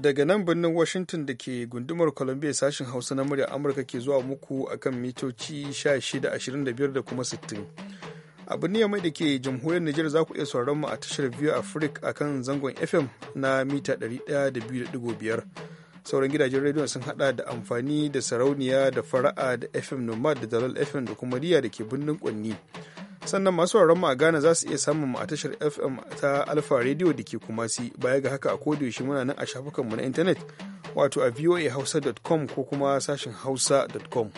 daga nan birnin washington da ke gundumar columbia sashen hausa na murya amurka ke zuwa muku akan mitoci 1625 da kuma 60 a birnin mai da ke jamhuriyar niger za ku iya sauraron mu a tashar view africa kan zangon fm na mita 102.5 sauran gidajen rediyon sun hada da amfani da sarauniya da fara'a da fm nomad da dalal fm da kuma riya da ke birnin kwanni sannan masu mu a Ghana za su iya samun mu a tashar FM ta Alfa Radio da ke Kumasi baya ga haka a yaushe muna nan a shafukanmu na intanet wato a voahausa.com ko kuma sashin hausa.com.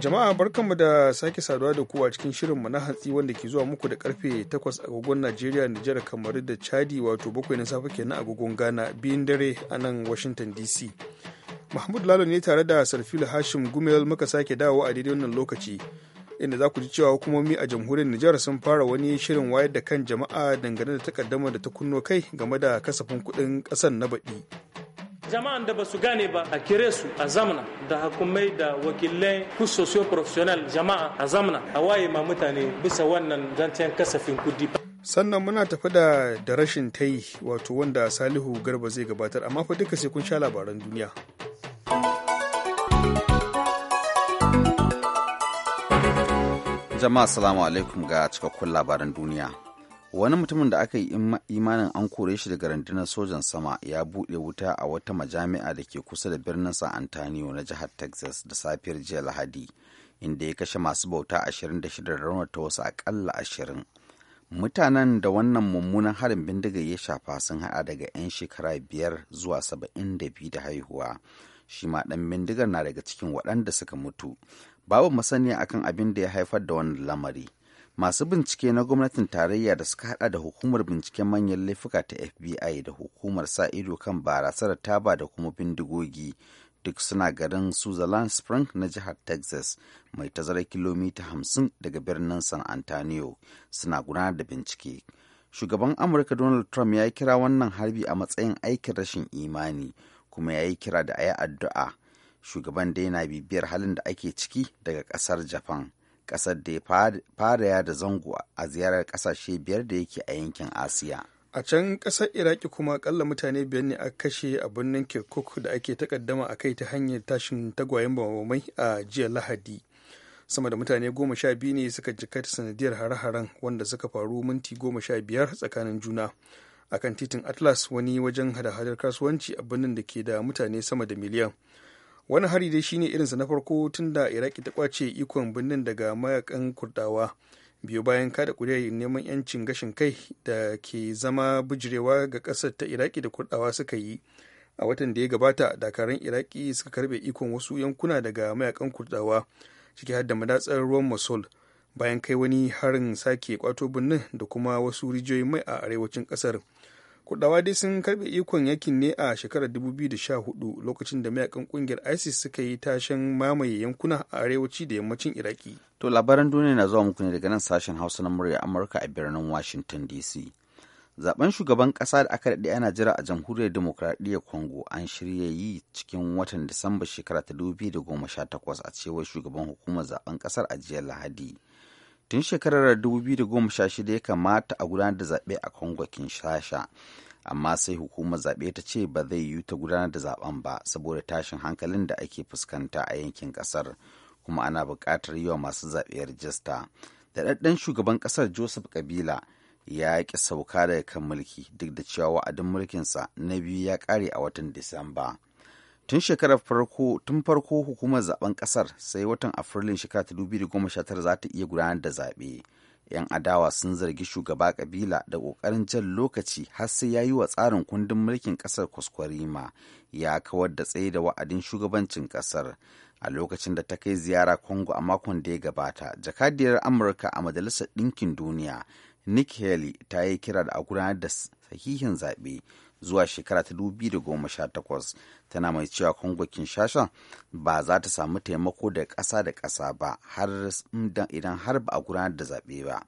Jama'a barkanmu da sake saduwa da ku a cikin mu na hatsi wanda ke zuwa muku da karfe 8 agogon Najeriya, Nijar, Kamaru da Chadi wato bakwai na safe kenan agogon Ghana biyun dare a nan Washington DC. Mahmud Lalo ne tare da sarfil Hashim Gumel muka sake dawo a daidai wannan lokaci inda za ku ji cewa hukumomi a jamhuriyar Nijar sun fara wani shirin wayar da kan jama'a dangane da takaddama da ta kunno kai game da kasafin kuɗin ƙasar na baɗi. jama'an da ba su gane ba a kire su a zamna da hakumai da wakilai ku socio professional jama'a a zamna a waye ma mutane bisa wannan zancen kasafin kudi sannan muna tafi da da rashin tayi wato wanda salihu garba zai gabatar amma fa duka sai kun sha labaran duniya Jama'a salamu alaikum ga cikakkun labaran duniya. Wani mutumin da aka yi imanin an kore shi daga rundunar sojan sama ya buɗe wuta a wata majami'a da ke kusa da birnin San Antonio na jihar Texas da safiyar jiya Lahadi, inda ya kashe masu bauta 26 da ta wasu akalla 20. Mutanen da wannan mummunan harin bindiga ya shafa sun haɗa daga 'yan shekara biyar zuwa 72 da haihuwa. shi ma ɗan bindigar na daga cikin waɗanda suka mutu babu masaniya akan abin da ya haifar da wannan lamari masu bincike na gwamnatin tarayya da suka hada da hukumar binciken manyan laifuka ta fbi da hukumar sa ido kan barasar taba da kuma bindigogi duk suna garin sutherland spring na jihar texas mai tazarar kilomita hamsin daga birnin san antonio suna gudanar da bincike shugaban amurka donald trump ya kira wannan harbi a matsayin aikin rashin imani kuma ya yi kira da a addu'a shugaban da yana bibiyar halin da ake ciki daga kasar japan ƙasar da ya fara yada zango a ziyarar ƙasashe biyar da yake a yankin asiya a can ƙasar iraki kuma akalla mutane biyar ne a kashe a birnin kirkuk da ake takaddama a kai ta hanyar tashin tagwayen bamamai a jiya lahadi sama da mutane goma sha biyu ne suka jikata sanadiyar hare-haren wanda suka faru minti goma sha biyar tsakanin juna a kan titin atlas wani wajen hada-hadar kasuwanci a birnin da ke da mutane sama da miliyan wani hari dai shine irinsa na farko tun da iraki ta kwace ikon birnin daga mayakan kurdawa biyu bayan kada kuri'ar neman yancin gashin kai da ke zama bijirewa ga ƙasar ta iraki da kurdawa suka yi a watan da ya gabata dakarun iraki suka karbe ikon wasu yankuna daga mayakan kurdawa ciki har da madatsar ruwan mosul bayan kai wani harin sake kwato birnin da kuma wasu rijiyoyin mai a arewacin ƙasar kudawa dai sun karbe ikon yakin ne a shekarar 2014 lokacin da mayakan kungiyar isis suka yi tashen mamaye yankuna a arewaci da yammacin iraki to labaran duniya na zuwa muku ne daga nan sashen hausa na murya amurka a birnin washington dc zaben shugaban kasa da aka daɗe ana jira a jamhuriyar demokradiyyar congo an shirya yi cikin watan disamba shekara ta 2018 a cewar shugaban hukumar zaben kasar a jiyar lahadi tun shekarar 2016 ya kamata a gudanar da zaɓe a congo kinshasa amma sai hukumar zaɓe ta ce ba zai yiwu ta gudanar da zaɓen ba saboda tashin hankalin da ake fuskanta a yankin ƙasar kuma ana buƙatar yi wa masu zaɓe rajista ɗaɗɗen shugaban ƙasar joseph kabila ya ƙi sauka daga kan mulki duk da cewa wa'adin mulkinsa na biyu ya ƙare a watan disamba tun shekarar farko tun farko hukumar zaben kasar sai watan afrilun shekara ta 2019 za ta iya gudanar da zaɓe yan adawa sun zargi shugaba kabila da ƙoƙarin jan lokaci har sai ya yi wa tsarin kundin mulkin ƙasar kwaskwarima ya kawar da tsaye da wa'adin shugabancin ƙasar a lokacin da ta kai ziyara congo a makon da ya gabata jakadiyar amurka a majalisar ɗinkin duniya Nick Haley ta yi kira da a gudanar da sahihin zaɓe zuwa shekara ta goma sha 2018 tana mai cewa Congo Kinshasa ba za ta samu taimako da ƙasa da ƙasa ba har idan har ba a gudanar da zaɓe ba.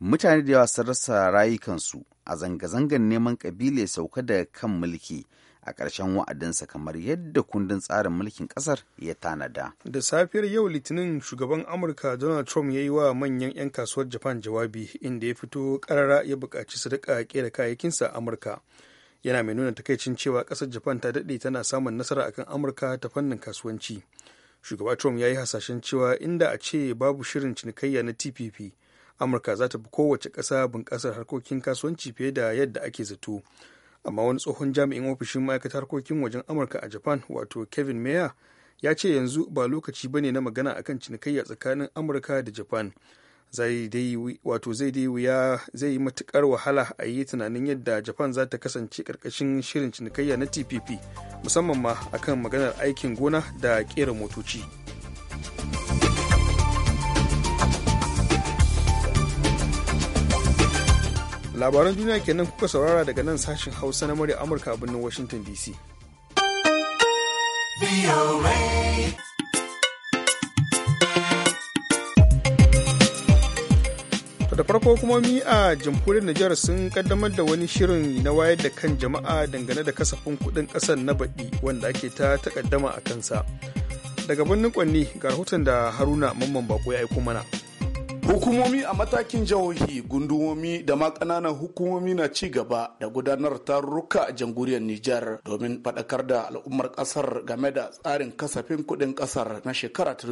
Mutane da yawa sun rasa rayukansu a zanga-zangar neman ƙabile sauka daga kan mulki a ƙarshen wa'adinsa kamar yadda kundin tsarin mulkin ƙasar ya tanada. Da safiyar yau Litinin shugaban Amurka Donald Trump ya yi wa manyan 'yan kasuwar Japan jawabi inda ya fito ƙarara ya buƙaci su daƙa ƙera kayayyakinsa a Amurka. Yana mai nuna takaicin cewa ƙasar Japan ta daɗe tana samun nasara akan Amurka ta fannin kasuwanci. Shugaba Trump ya yi hasashen cewa inda a ce babu shirin cinikayya na TPP, Amurka za ta fi kowace ƙasa bunƙasar harkokin kasuwanci fiye da yadda ake zato. amma wani tsohon jami'in ofishin ma'aikatar harkokin wajen amurka a japan wato kevin mayer ya ce yanzu ba lokaci ba ne na magana akan cinikayya tsakanin amurka da japan zai dai wuya zai yi matukar wahala a yi tunanin yadda japan za ta kasance karkashin shirin cinikayya na tpp musamman ma akan maganar aikin gona da kera motoci. labaran duniya kenan kuka saurara daga nan sashen hausa na murya amurka a birnin washington dc da farko mi a jamhuriyar Nijar sun kaddamar da wani shirin na wayar da kan jama'a dangane da kasafin kudin kasar na baɗi wanda ake ta takaddama a kansa daga birnin kwanni ga rahoton da haruna mamman bako ya aiko mana Hukumomi a matakin jihohi, gundumomi da ma ƙananan hukumomi na ci gaba da gudanar tarurruka a jamhuriyar Nijar domin faɗakar da al'ummar ƙasar game da tsarin kasafin kuɗin ƙasar na shekara ta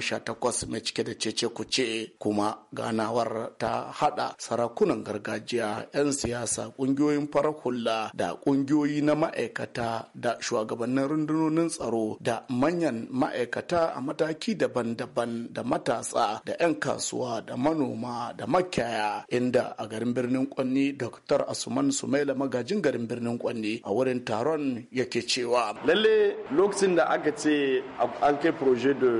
sha takwas mai cike da cece kuce kuma ganawar ta haɗa sarakunan gargajiya 'yan siyasa ƙungiyoyin farar hula da ƙungiyoyi na ma'aikata da shugabannin rundunonin tsaro da manyan ma'aikata a mataki daban-daban da matasa da 'yan kasuwa da manoma da makiyaya inda a garin birnin Kwanni Dr. Asuman Sumaila magajin garin birnin Kwanni a wurin taron yake cewa lalle lokacin da aka ce an kai projet de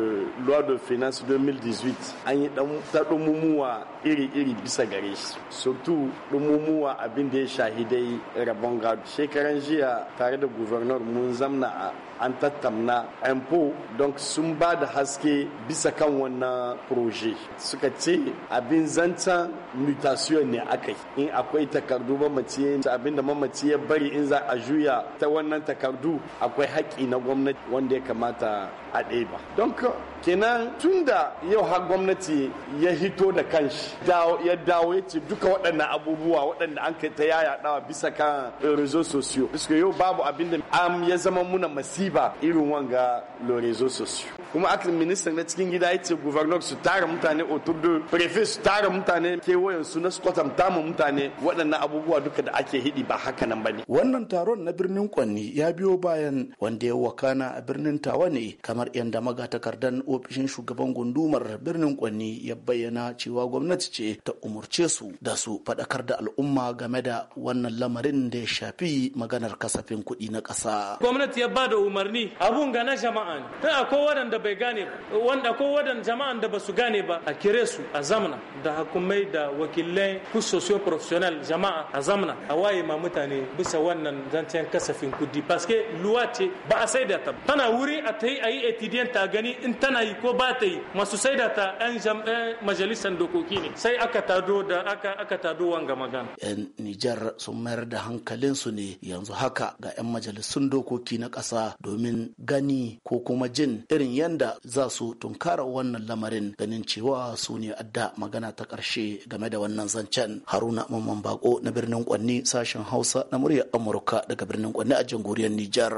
loi de finance 2018 an yi ta dumumuwa iri-iri bisa gare shi surtout dumumuwa abin da ya shahidai rabon gado shekaran jiya tare da guvernor mun zamna a an tattamna impo don sun ba da haske bisa kan wannan proje suka ce abin zancen mutation ne aka yi in akwai takardu mace abin da ya bari in za a juya ta wannan takardu akwai haƙƙi na gwamnati wanda ya kamata a ɗeba don kenan tun da yau har gwamnati ya hito da kanshi ya dawo ya ce duka waɗannan abubuwa waɗanda an kai ta yaya dawa bisa kan rezo sosiyo yau babu abin da am ya zama muna masi riba irin wanga lorezo sosiyo kuma akin ministan na cikin gida yace governor su tara mutane de prefect su tara mutane wayan su na su tama ma mutane waɗannan abubuwa duka da ake hidi ba haka nan bane wannan taron na birnin kwanni ya biyo bayan wanda ya wakana a birnin tawane kamar yadda kardan ofishin shugaban gundumar birnin kwanni ya bayyana cewa gwamnati ce ta umurce su da su faɗakar da al'umma game da wannan lamarin da ya shafi maganar kasafin kuɗi na ƙasa gwamnati ya ba da umarni abun ga na jama'a ne ta akwai wadanda bai gane ba wanda akwai wadanda jama'an da basu gane ba a kire su a zamana da hukumai da wakilai ku socio professionnel jama'a a zamana. a waye ma mutane bisa wannan zancen kasafin kudi paske luwa ce ba a saida ta tana wuri a ta yi a yi etidiyan ta gani in tana yi ko ba ta yi masu saida ta yan majalisar dokoki ne sai aka tado da aka aka tado wanga magana yan nijar sun mayar da hankalinsu ne yanzu haka ga yan majalisun dokoki na ƙasa domin gani ko kuma jin irin yanda za su tunkara wannan lamarin ganin cewa su ne adda magana ta ƙarshe game da wannan zancen haruna mamman bako na birnin kwanni sashen hausa na muryar amurka daga birnin kwanni a jamhuriyar nijar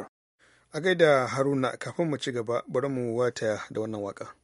a gaida haruna kafin mu ci gaba bari mu wata da wannan waka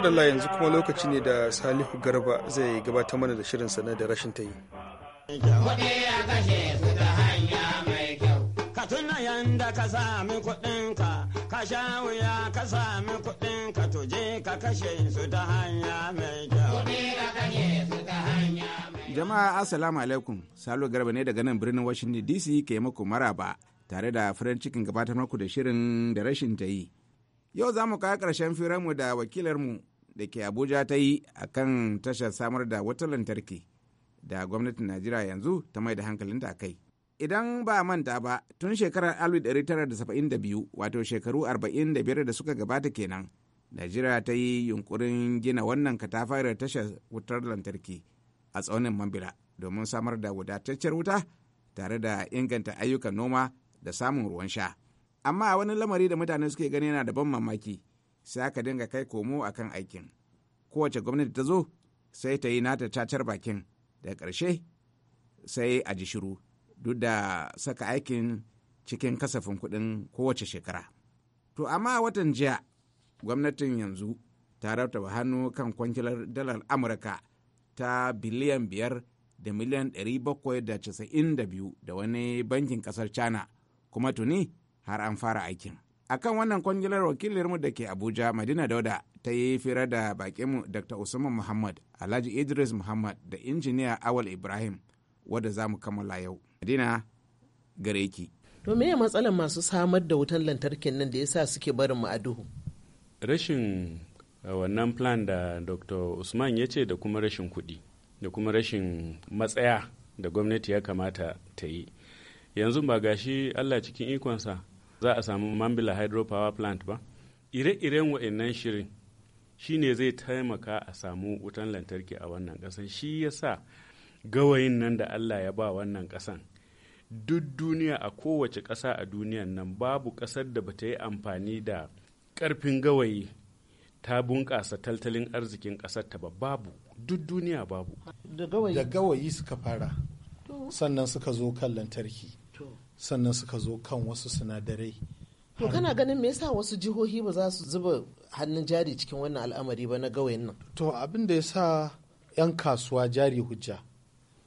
la yanzu kuma lokaci ne da salihu garba zai gabatar mana da shirin sana da rashin ta yi ka sami kuɗinka ka sha ka kashe su ta hanya mai kyau jama'a assalamu alaikum salo garba ne daga nan birnin washington dc ke mako maraba tare da farin cikin gabatar maku da shirin da rashin ta yi Yau za mu kawo ƙarshen firarmu da wakilarmu da ke Abuja ta yi a kan tashar samar da wata lantarki da gwamnatin Najeriya yanzu ta mai da hankalinta a kai. Idan ba manta ba tun shekarar 1972 wato shekaru 45 da suka gabata kenan, Najeriya ta yi yunkurin gina wannan katafarar tashar wutar lantarki a tsaunin Mambila domin samar da wadataccen wuta tare da inganta ayyukan noma da samun ruwan sha. amma a wani lamari da mutane suke gani yana da ban mamaki sai aka dinga kai komo a kan aikin kowace gwamnati ta zo sai ta yi nata cacar bakin da ƙarshe sai a ji shiru duk da saka aikin cikin kasafin kuɗin kowace shekara to amma a watan jiya gwamnatin yanzu ta rautaba hannu kan kwankilar dalar amurka ta biliyan biyar da miliyan 792 da wani bankin kasar china kuma tuni har an fara aikin akan wannan kwangilar wakilinmu da ke abuja madina dauda ta yi fira da bakinmu dr usman muhammad alhaji idris muhammad da injiniya awal ibrahim wadda za mu kammala yau madina gare ki to me matsalar masu samar da wutan lantarkin nan da ya sa suke barin mu a duhu rashin uh, wannan plan da dr usman ya ce da kuma rashin kuɗi da kuma rashin matsaya da gwamnati ya kamata ta yi yanzu ba gashi allah cikin ikonsa za a samu mambila hydropower plant ba ire-iren wa'annan shirin shi ne zai taimaka a samu wutan lantarki a wannan ƙasan shi ya sa gawayin nan da allah ya ba wannan ƙasan duk duniya a kowace ƙasa a duniyan nan babu ƙasar da bata yi amfani da ƙarfin gawayi ta bunƙasa tattalin arzikin ƙasar ta ba babu duk duniya babu da gawayi suka fara sannan suka zo kan lantarki sannan suka zo kan wasu sinadarai to kana ganin me yasa wasu jihohi ba za su zuba hannun jari cikin wannan al'amari ba na gawayin nan to abin da yasa 'yan kasuwa jari hujja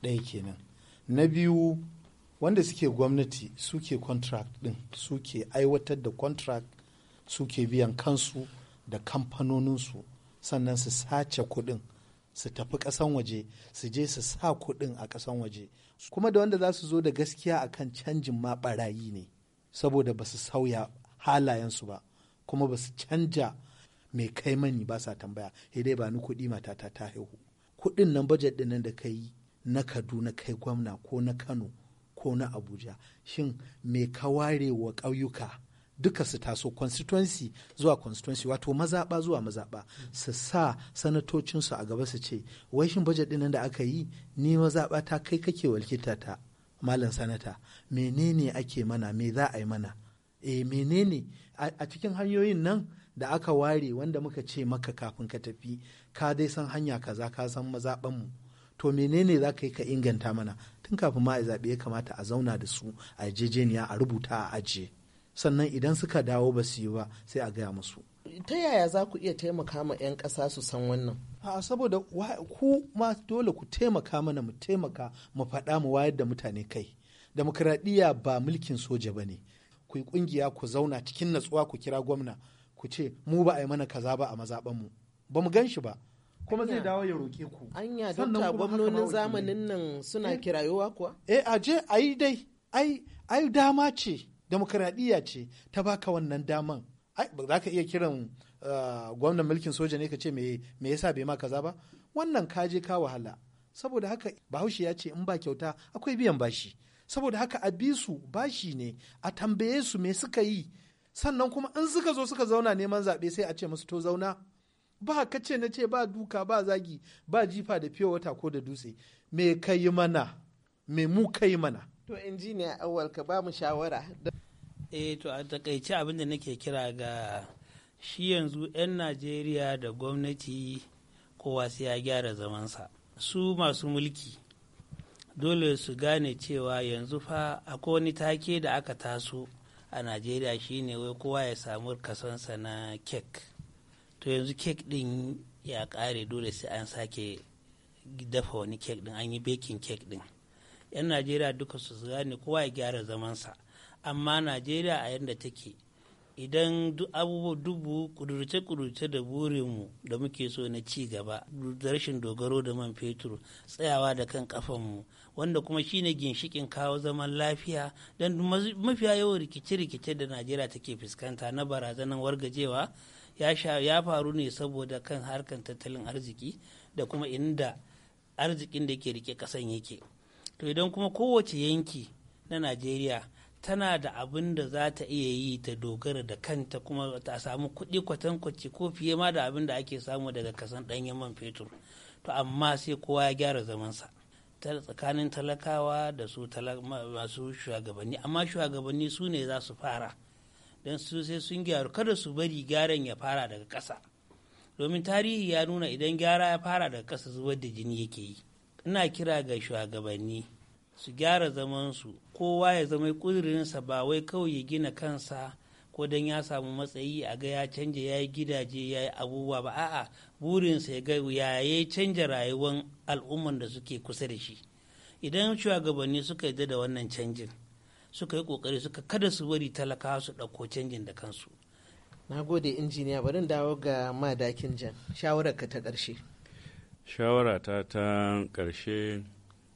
ɗaya kenan na biyu wanda suke gwamnati suke contract ɗin suke aiwatar da contract suke biyan kansu da kamfanoninsu sannan su sace kuɗin su tafi ƙasan waje su je su sa kuɗin a ƙasan waje kuma da wanda za su zo da gaskiya a kan canjin ma barayi ne saboda ba su sauya halayensu ba kuma ba su canja mai kai mani ba sa tambaya dai ba ni kuɗi matata ta haihu kuɗin nan bajet ɗin nan da ka yi na kaduna kai gwamna ko na kano ko na abuja shin me ka ware wa ƙauyuka duka su taso constituency zuwa constituency wato mazaɓa zuwa mazaɓa su sa sanatocinsu a gaba su ce wai shin budget ɗin da aka yi ni mazaɓa ta kai kake walkita ta malam sanata menene ake mana me za a yi mana e menene a cikin hanyoyin nan da aka ware wanda muka ce maka kafin ka tafi ka dai san hanya kaza ka san mazaɓanmu to menene za ka yi ka inganta mana tun kafin ma a zaɓe ya kamata a zauna da su a jejeniya a rubuta a ajiye sannan idan suka dawo ba su yi ba sai a gaya musu ta yaya za ku iya taimaka ma 'yan ƙasa su san wannan a saboda ku ma dole ku taimaka mana mu taimaka mu faɗa mu wayar da mutane kai demokradiyya ba mulkin soja ba ne ku yi ƙungiya ku zauna cikin natsuwa ku kira gwamna ku ce mu ba a yi mana kaza ba a mu ba mu gan shi ba kuma zai dawo ya roƙe ku anya dokta gwamnonin zamanin nan suna eh. kirayowa kuwa eh a je a yi dai ai dama ce demokradiyya ce ta baka wannan daman za ka iya kiran ah, gwamnan mulkin soja ne ka ce me yasa bai ma kaza ba wannan ka je ka wahala saboda haka bahaushe ya ce in ba kyauta akwai biyan bashi saboda haka a bi su bashi ne a tambaye su me suka yi sannan kuma in suka zo suka zauna neman zaɓe sai a ce musu to zauna ba ka ce na ce ba duka ba zagi ba jifa da fiye wata ko da dutse me ka yi mana me mu ka yi mana To injiniya awal ka ba mu shawara. Eh to a takaice abin da nake kira ga shi yanzu 'yan Najeriya da gwamnati kowa sai ya gyara zamansa. Su masu mulki dole su gane cewa yanzu fa akwai wani take da aka taso a Najeriya shine wai kowa ya samu kasansa na kek. To yanzu kek din ya kare dole sai an sake dafa wani kek din an yi baking kek din. 'yan najeriya duka su gane kowa ya gyara zamansa amma najeriya a yadda take idan abubuwa dubu kudurce-kudurce da burinmu da muke so na ci gaba da rashin dogaro da man fetur tsayawa da kan kafanmu wanda kuma shine ginshikin kawo zaman lafiya don mafiya yawan rikice-rikice da najeriya take fuskanta na barazanar wargajewa ya faru ne saboda kan harkar tattalin arziki da kuma inda arzikin da ke rike kasan yake to idan kuma kowace yanki na najeriya tana da abin da za ta iya yi ta dogara da kanta kuma ta samu kuɗi kwatankwaci ko fiye ma da abin da ake samu daga kasan ɗanyen man fetur to amma sai kowa ya gyara zamansa tsakanin talakawa da su masu shugabanni amma shugabanni su ne za su fara don su sai sun gyaru kada su bari gyaran ya fara daga ƙasa domin tarihi ya nuna idan gyara ya fara daga ƙasa zubar da jini yake yi ina kira ga shugabanni su gyara zamansu kowa ya zama kudurinsa ba wai kawai ya gina kansa ko dan ya samu matsayi a ga ya canja ya yi gidaje ya yi abubuwa ba a'a burinsa ya ga ya yi canja rayuwar al'umman da suke kusa da shi idan shugabanni suka yarda da wannan canjin suka yi kokari suka kada su bari talakawa su ɗauko canjin da kansu na gode injiniya bari dawo ga madakin jan shawararka ta ƙarshe shawarata ta ƙarshe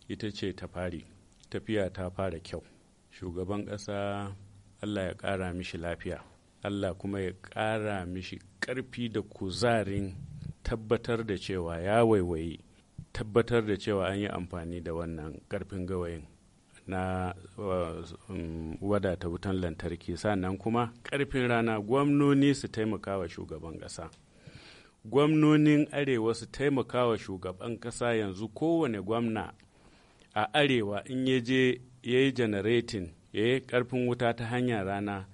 ita ce ta fari tafiya ta fara kyau shugaban ƙasa allah ya ƙara mishi lafiya allah kuma ya ƙara mishi ƙarfi da kuzarin tabbatar da cewa ya waiwayi tabbatar da cewa an yi amfani da wannan ƙarfin gawayin na uh, um, wadata wutan lantarki sannan kuma ƙarfin rana gwamnoni su taimaka wa shugaban ƙasa gwamnonin arewa su taimaka wa shugaban ƙasa yanzu kowane gwamna a arewa in ya je ya yi janaretin ya yi ƙarfin wuta ta hanyar rana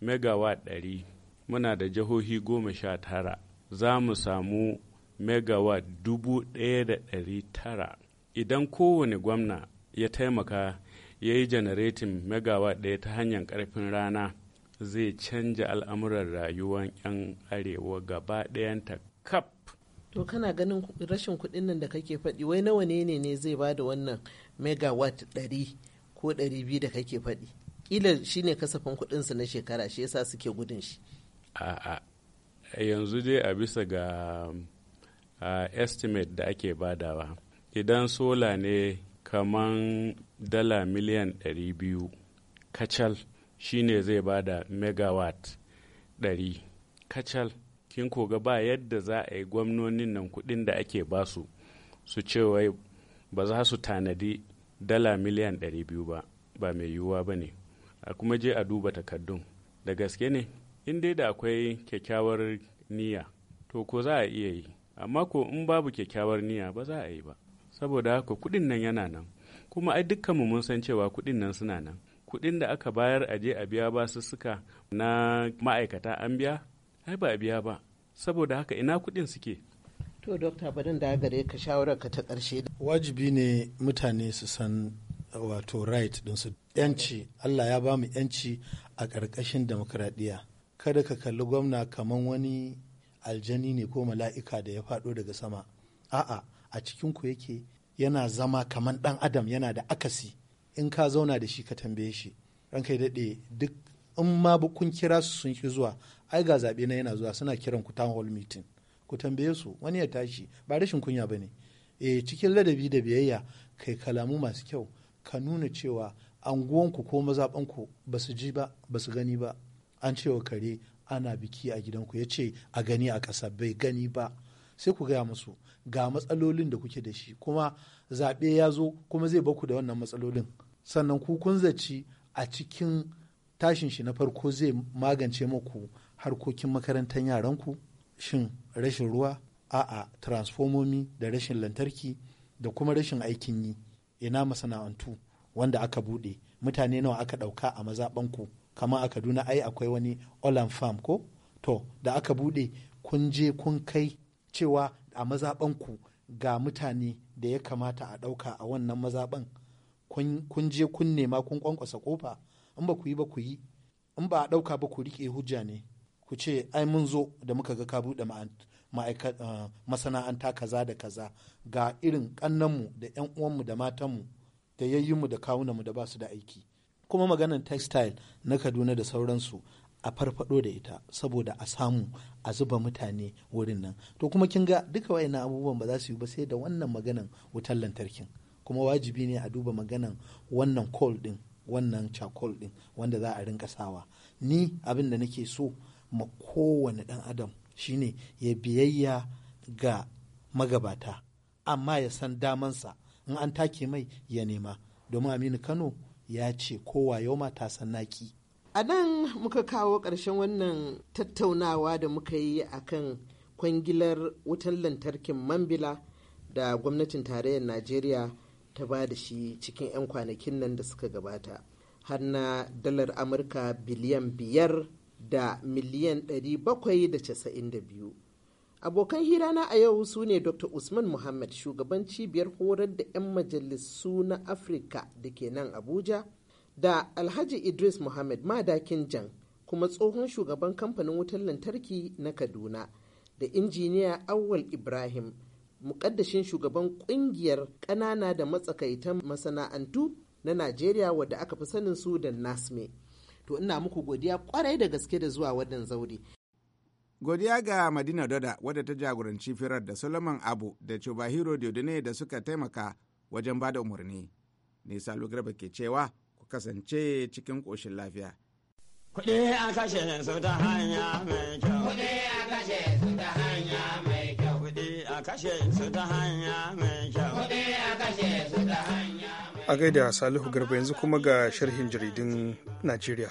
megawatt ɗari muna da jihohi goma sha tara za mu samu megawatt dubu ɗaya da ɗari tara idan kowane gwamna ya taimaka ya yi janaretin megawatt ɗaya ta hanyar ƙarfin rana zai canja al'amuran rayuwar 'yan arewa gaba ɗayanta kap to kana ganin rashin kuɗin nan da kake faɗi wai nawa ne ne zai ba da wannan megawatt ɗari ko ɗari biyu da kake faɗi ƙila shi ne kasafin kuɗinsu na shekara shi yasa suke gudun shi a'a yanzu dai a bisa ga estimate da ake badawa idan sola ne kaman dala miliyan 200 kacal shine zai ba da megawatt ɗari kacal kin koga ba yadda za a yi gwamnonin nan kuɗin da ake basu su ce wai ba za su tanadi dala miliyan ɗari biyu ba ba mai yiwuwa ba ne a kuma je a duba takardun da gaske ne in dai da akwai kyakkyawar niyya to ko za a iya yi amma ko in babu kyakkyawar niyya ba za a yi ba saboda haka kuɗin nan yana nan kuma ai dukkanmu mun san cewa kuɗin nan suna nan kuɗin da aka bayar a je a biya basussuka na ma'aikata an biya ai ba a biya ba saboda haka ina kuɗin suke to dokta barin da gare ka shawarar ka ta ƙarshe wajibi ne mutane su san wato right din su yanci Allah ya ba mu yanci a ƙarƙashin demokradiyya kada ka kalli gwamna kaman wani aljani ne ko mala'ika da ya faɗo daga sama a'a a cikin ku yake yana zama kaman ɗan adam yana da akasi in ka zauna da shi ka tambaye shi ranka daɗe duk in ma kun kira su sun ki zuwa ai ga zaɓe na yana zuwa suna kiran ku town hall meeting ku tambaye su wani ya tashi ba rashin kunya ba ne e cikin ladabi da biyayya kai kalamu masu kyau ka nuna cewa anguwanku ko mazaɓanku ba su ji ba ba su gani ba an cewa kare ana biki a gidanku ya ce a gani a ƙasa bai gani ba sai ku gaya musu ga matsalolin da kuke da shi kuma zaɓe ya zo kuma zai baku da wannan matsalolin sannan ku kun zaci a cikin tashin shi na farko zai magance muku harkokin makarantar yaranku shin rashin ruwa a'a transformomi da rashin lantarki da kuma rashin aikin yi ina masana'antu wanda aka buɗe mutane nawa aka ɗauka a mazaɓanku kamar a kaduna ai akwai wani olam farm ko to da aka buɗe kun je kun kai cewa a mazaɓanku ga mutane da ya kamata a ɗauka a wannan mazaɓan kun je kun nema kun kwankwasa kofa in ba ku yi ba ku yi in ba a ɗauka ba ku riƙe hujja ne ku ce ai mun zo da muka ga ka buɗe eh, masana'anta kaza da kaza ga irin ƙannanmu da 'yan uwanmu da matanmu da yayyinmu da kawunanmu da ba su da aiki kuma maganan textile na kaduna da sauransu a farfado da ita saboda a samu a zuba mutane wurin nan to kuma kin ga duka wayannan abubuwan ba za su yi ba sai da wannan maganan wutar lantarkin kuma wajibi ne a duba maganan wannan coal din wannan charcoal din wanda za a rinka sawa ni abin da nake so ma kowane dan adam shine ya biyayya ga magabata amma ya san damansa in an take mai ya nema domin aminu kano ya ce kowa yau ma ta san naki a nan muka kawo ƙarshen wannan tattaunawa da muka yi a kan kwangilar wutan lantarkin mambila da gwamnatin tarayyar najeriya ta ba da shi cikin 'yan kwanakin nan da suka gabata har na dalar amurka biliyan biyar da miliyan 792 abokan na a yau su ne dr usman muhammad shugaban cibiyar horar da 'yan majalisu na afirka da ke nan abuja da alhaji idris muhammad madakin jan kuma tsohon shugaban kamfanin wutar lantarki na kaduna da injiniya awwal ibrahim mukaddashin shugaban kungiyar ƙanana da matsakaitan masana'antu na najeriya wadda aka fi sanin su da nasme to ina muku godiya kwarai da gaske da zuwa wannan zaure godiya ga madina doda wadda ta jagoranci firar da solomon abu da chubahiro diodone da suka taimaka wajen bada umarni ne salo garba ke cewa kasance cikin ƙoshin lafiya. Kuɗi a kashe su ta hanya mai kyau. Kuɗi a kashe su ta hanya mai kyau. Kuɗi a kashe su ta hanya mai kyau. Kuɗi a kashe su ta hanya mai kyau. A gaida Salihu Garba yanzu kuma ga sharhin jaridun Najeriya.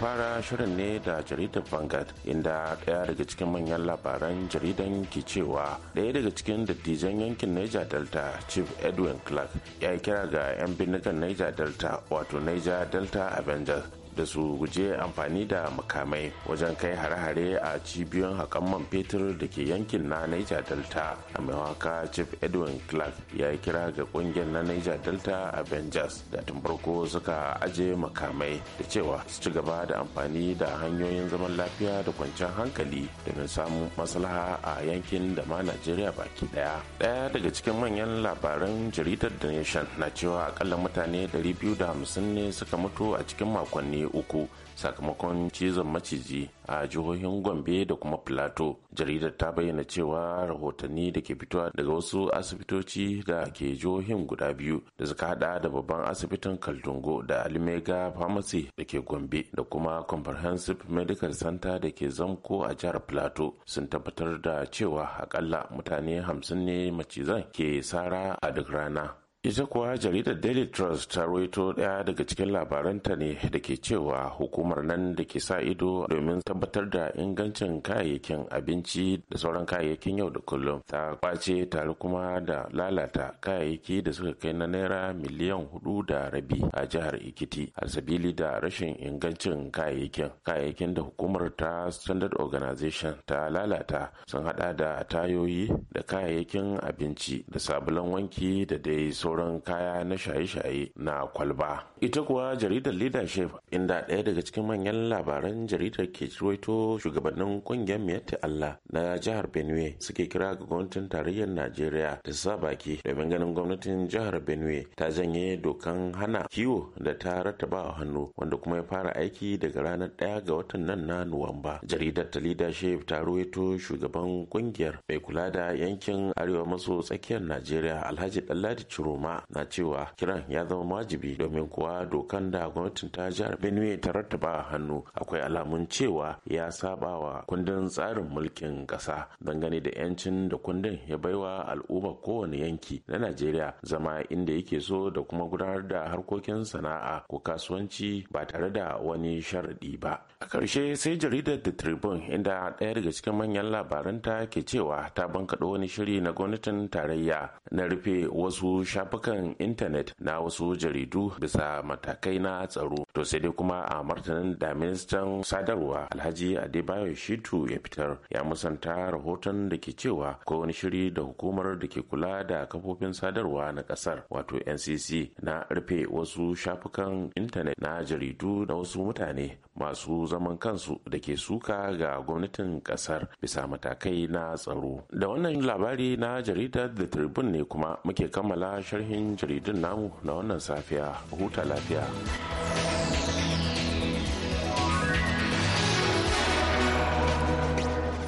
fara shirin ne da jaridar Vanguard inda daya daga cikin manyan labaran jaridan ke cewa daya daga cikin dattijan yankin Niger Delta Chief Edwin Clark ya yi kira ga 'yan bindigan Niger Delta wato Niger Delta Avengers da su guje amfani da makamai wajen kai hare-hare a cibiyoyin haƙan man fetur da ke yankin na niger delta a maiwaka chief edwin clark ya yi kira ga ƙungiyar na niger delta avengers da tun farko suka aje makamai da cewa su ci gaba da amfani da hanyoyin zaman lafiya da kwanciyar hankali domin samun maslaha a yankin da ma najeriya baki daya daya daga cikin manyan labaran jaridar the nation na cewa akalla mutane 250 ne suka mutu a cikin makonni uku sakamakon cizon maciji a jihohin gombe da kuma plateau jaridar ta bayyana cewa rahotanni da ke fitowa daga wasu asibitoci da ke jihohin guda biyu da suka hada da babban asibitin kaldungo da alimega pharmacy da ke gombe da kuma comprehensive medical center da ke zamko a jihar plateau sun tabbatar da cewa akalla mutane hamsin ne macizan ke sara a duk rana ita kuwa jaridar daily trust ta roito ɗaya daga cikin labaranta ne da ke cewa hukumar nan da ke sa ido domin tabbatar da ingancin kayayyakin abinci da sauran kayayyakin yau da kullum ta kwace tare kuma da lalata kayayyaki da suka kai na naira miliyan hudu da rabi a jihar ikiti a sabili da rashin ingancin kayayyakin kayayyakin da hukumar ta standard organization ta lalata sun hada da tayoyi da kayayyakin abinci da sabulan wanki da dai sauran sauran kaya na shaye-shaye na kwalba ita kuwa jaridar leadership inda ɗaya daga cikin manyan labaran jaridar ke ruwaito shugabannin ƙungiyar miyatta allah na jihar benue suke kira ga gwamnatin tarayyar najeriya da sa baki domin ganin gwamnatin jihar benue ta janye dokan hana kiwo da ta rattaba hannu wanda kuma ya fara aiki daga ranar ɗaya ga watan nan na nuwamba jaridar ta leadership ta ruwaito shugaban ƙungiyar mai kula da yankin arewa maso tsakiyar najeriya alhaji dalladi chiroma. kuma na cewa kiran ya zama wajibi domin kuwa dokan da gwamnatin ta jihar benue ta rattaba a hannu akwai alamun cewa ya saba wa kundin tsarin mulkin ƙasa dangane da 'yancin da kundin ya baiwa al'umma kowane yanki na najeriya zama inda yake so da kuma gudanar da harkokin sana'a ko kasuwanci ba tare da wani sharaɗi ba a ƙarshe sai jaridar the tribune inda ɗaya daga cikin manyan labaranta ke cewa ta bankaɗo wani shiri na gwamnatin tarayya na rufe wasu shafin shafukan intanet na wasu jaridu bisa matakai na tsaro to sai dai kuma a martanin da ministan sadarwa alhaji adebayo shitu ya fitar ya musanta rahoton da ke cewa ko wani shiri da hukumar da ke kula da kafofin sadarwa na kasar wato ncc na rufe wasu shafukan intanet na jaridu na wasu mutane masu zaman kansu da ke suka ga gwamnatin kasar bisa matakai na tsaro da wannan labari na jaridar the tribune ne kuma muke kammala sharhin jaridun namu na wannan safiya huta lafiya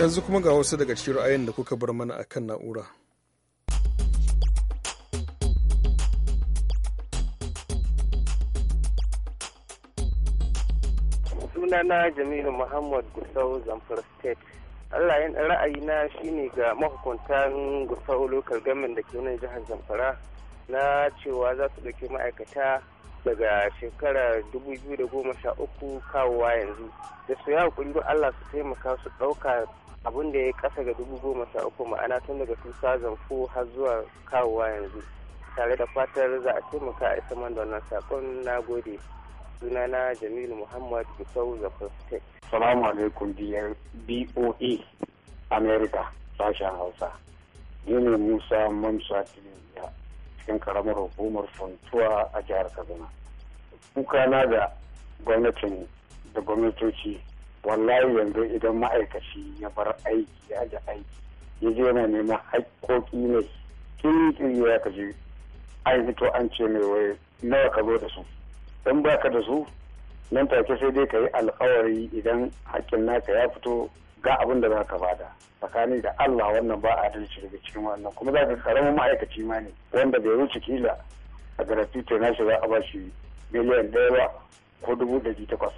yanzu kuma ga wasu daga cikin ra'ayin da kuka bar mana a kan na'ura sunana jamilu muhammad gusau zamfara state allah yin ra'ayina shine ga mahukuntan gusau local gamin da ke nan jihar zamfara na cewa za su ɗauki ma'aikata daga shekarar 2013 kawowa yanzu da su ya kundu allah su taimaka su ɗauka abin da ya kasa ga 2013 ma'ana tun daga 2004 har zuwa kawowa yanzu tare da fatar za a taimaka a isa man da wannan saƙon na gode sunana jamilu muhammad gusau zafin state salamu alaikum biyar boa america sashen hausa ne musa mamsa tiliya cikin karamar hukumar fontuwa a jihar kaduna kuka na da gwamnatin da gwamnatoci wallahi yanzu idan ma'aikaci ya bar aiki ya ji aiki ya je yana neman haƙƙoƙi ne kin ya kaji an fito an ce mai wai nawa ka zo da su in baka da su nan take sai dai ka yi alkawari idan hakkin naka ya fito ga abin da za ka bada tsakani da Allah wannan ba adalci daga cikin wannan kuma za ka karamin ma'aikaci ma ne wanda bai wuce kila a garafi na za a ba shi miliyan ɗaya ba ko dubu ɗari takwas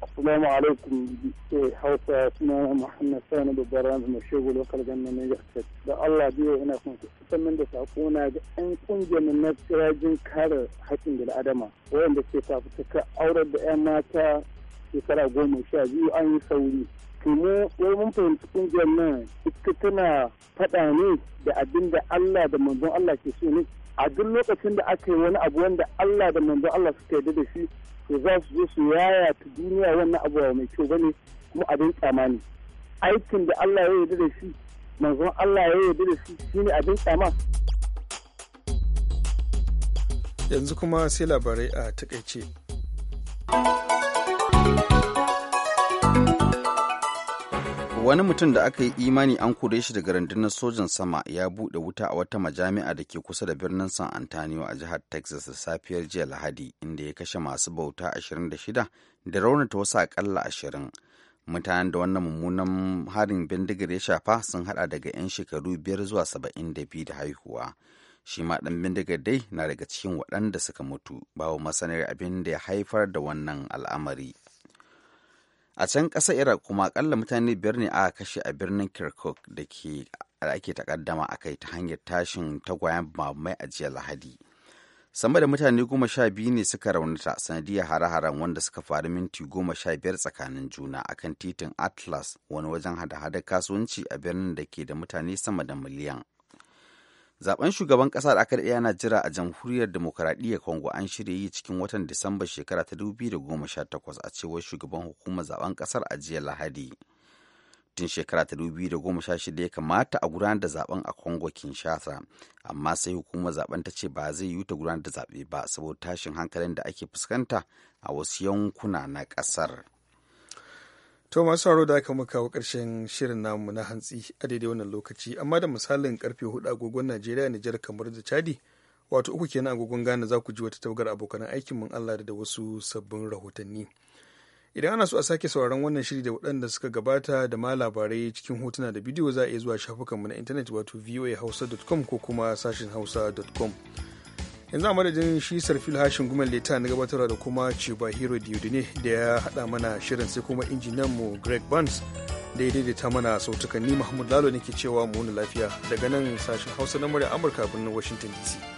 Assalamu alaikum eh, hausa suna Muhammad Sani babbar ranar mai shego lokal gannan na York Da Allah biyo ina son ku fitar min da sako na ga 'yan kungiyar na rajin kare haƙƙin bil'adama waɗanda ke fafutuka aurar da 'yan mata shekara goma sha biyu an yi sauri. Kuma wai mun fahimci kungiyar nan ita tana faɗa ne da abinda da Allah da manzon Allah ke so ne a duk lokacin da aka yi wani abu wanda Allah da manzo Allah suka yarda da shi to za su zo su yaya ta duniya wannan abu mai kyau ba ne kuma abin ne, aikin da Allah ya yarda da shi manzo Allah ya yarda da shi ne abin tsama yanzu kuma sai labarai a takaice wani mutum da aka yi imani an kore shi daga rundunar sojan sama ya buɗe wuta a wata majami'a da ke kusa da birnin san antonio a jihar texas da safiyar jiya lahadi inda ya kashe masu bauta 26 da raunata wasu akalla 20 mutanen da wannan mummunan harin bindigar ya shafa sun hada daga 'yan shekaru biyar zuwa 72 da haihuwa shi ma dan bindigar dai na daga cikin waɗanda suka mutu babu masanar abin da ya haifar da wannan al'amari a can ƙasar iraq kuma akalla mutane biyar ne aka kashe a birnin kirkuk da ke ake takaddama a kai ta hanyar tashin tagwayen mamai a jiya lahadi sama da mutane goma sha biyu ne suka raunata sanadiyar hare-haren wanda suka faru minti goma sha biyar tsakanin juna akan titin atlas wani wajen hada-hada kasuwanci a birnin da ke da mutane sama da miliyan Zaben shugaban ƙasa da aka daɗe yana jira a jamhuriyar demokaradiyyar Congo an shirya yi cikin watan Disamba shekara ta 2018 a cewar shugaban hukumar zaben ƙasar a jiya Lahadi. Tun shekara ta shida ya kamata a gudanar da zaben a Congo Kinshasa, amma sai hukumar zaben ta ce ba zai yiwu ta gudanar da zaɓe ba saboda tashin hankalin da ake fuskanta a wasu yankuna na ƙasar. To masu sauraro da aka muka kawo ƙarshen shirin namu na hantsi a daidai wannan lokaci amma da misalin karfe hudu agogon Najeriya Nijar kamar da Chadi wato uku kenan agogon Ghana za ku ji wata taugar abokan aikin mun Allah da wasu sabbin rahotanni. Idan ana so a sake sauraron wannan shiri da waɗanda suka gabata da ma labarai cikin hotuna da bidiyo za a iya zuwa shafukanmu na intanet wato voahausa.com ko kuma sashin hausa.com. yanzu a madadin shi sarfil hashin gumen leta na gabatarwa da kuma ciba hero diodine da ya haɗa mana shirin sai kuma injiniyan mu greg burns da ya daidaita mana sautukan ni mahmud lalo ne ke cewa mu wani lafiya daga nan sashen hausa na murya amurka birnin washington dc